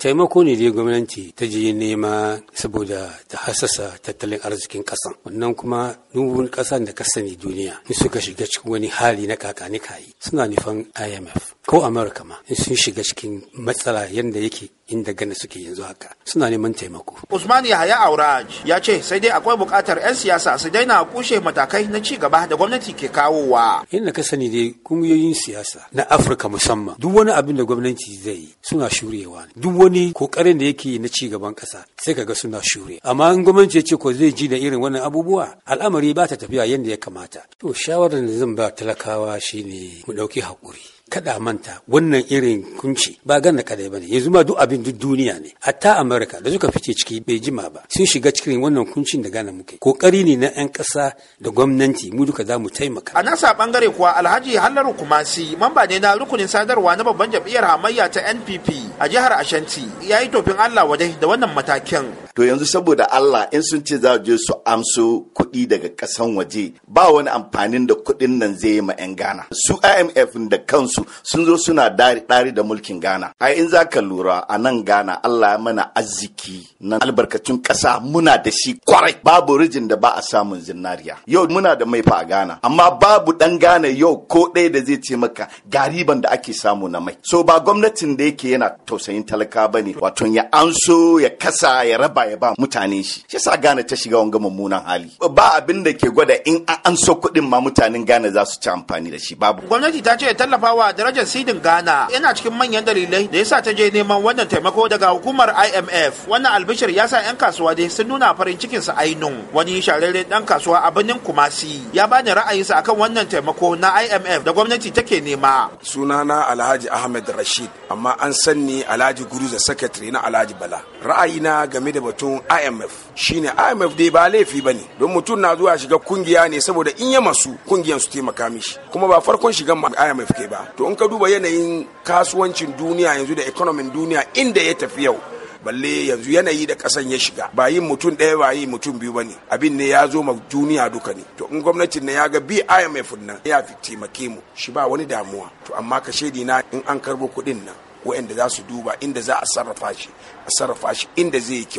taimako ne dai gwamnati ta je nema saboda ta hasasa tattalin arzikin kasan wannan kuma dubun kasan da ka sani duniya in suka shiga cikin wani hali na kakani kayi suna nufan imf ko amurka ma in sun shiga cikin matsala yadda yake inda gani suke yanzu haka suna neman taimako. Usman Yahaya Auraj ya ce sai dai akwai bukatar 'yan siyasa su daina kushe matakai na ci gaba da gwamnati ke kawowa. Yadda ka sani dai kungiyoyin siyasa na Afirka musamman duk wani abin da gwamnati zai yi suna shuriyewa duk wani kokarin da yake na ci gaban ƙasa sai ka ga suna shure amma in gwamnati ya ce ko zai ji da irin wannan abubuwa al'amari ba ta tafiya yadda ya kamata to shawarar da zan ba talakawa shine mu ɗauki hakuri kada manta wannan irin kunci ba gana kadai bane yanzu ma duk abin duk duniya ne hatta america da suka fice ciki bai jima ba sun shiga cikin wannan kuncin da gana muke kokari ne na yan kasa da gwamnati mu duka za mu taimaka a nasa bangare kuwa alhaji hallaru kumasi mamba ne na rukunin sadarwa na babban jam'iyyar hamayya ta npp a jihar ashanti ya yi tofin allah waje da wannan matakin to yanzu saboda allah in sun ce za je su amso kuɗi daga ƙasan waje ba wani amfanin da kuɗin nan zai yi ma 'yan gana su imf da kansu su sun zo suna dari da mulkin Ghana ai in za ka lura a nan Ghana Allah ya mana arziki na albarkatun ƙasa muna da shi kwarai babu rijin da ba a samun zinariya yau muna da mai fa a Ghana amma babu dan Ghana yau ko ɗaya da zai ce maka gariban da ake samu na mai so ba gwamnatin da yake yana tausayin talaka bane wato ya anso ya kasa ya raba ya ba mutane shi shi sa Ghana ta shiga wanga mummunan hali ba abin da ke gwada in an so kuɗin ma mutanen Ghana za su ci amfani da shi babu gwamnati ta ce tallafawa darajar sidin Ghana yana cikin manyan dalilai da yasa ta je neman wannan taimako daga hukumar IMF. Wannan albishir ya sa 'yan kasuwa dai sun nuna farin cikin su ainun. Wani shararren dan kasuwa a birnin Kumasi ya bani ra'ayinsa akan wannan taimako na IMF da gwamnati take nema. suna Sunana Alhaji Ahmed Rashid amma an san ni Alhaji Guruza Secretary na Alhaji Bala. ra'ayi na game da batun IMF shine IMF dai ba laifi bane don mutum na zuwa shiga kungiya ne saboda in ya masu kungiyar su taimaka mishi kuma ba farkon shigan IMF ke ba to in ka duba yanayin kasuwancin duniya yanzu da ekonomin duniya inda ya tafi yau balle yanzu yanayi da kasan ya shiga ba yin mutum ɗaya ba yin mutum biyu ba ne abin ne ya zo ma duniya duka ne to in gwamnatin na ya ga bi imf nan ya fi taimake mu shi ba wani damuwa to amma ka shaidi na in an karbo kuɗin nan wa'anda za su duba inda za a sarrafa shi a sarrafa shi inda zai yi kyau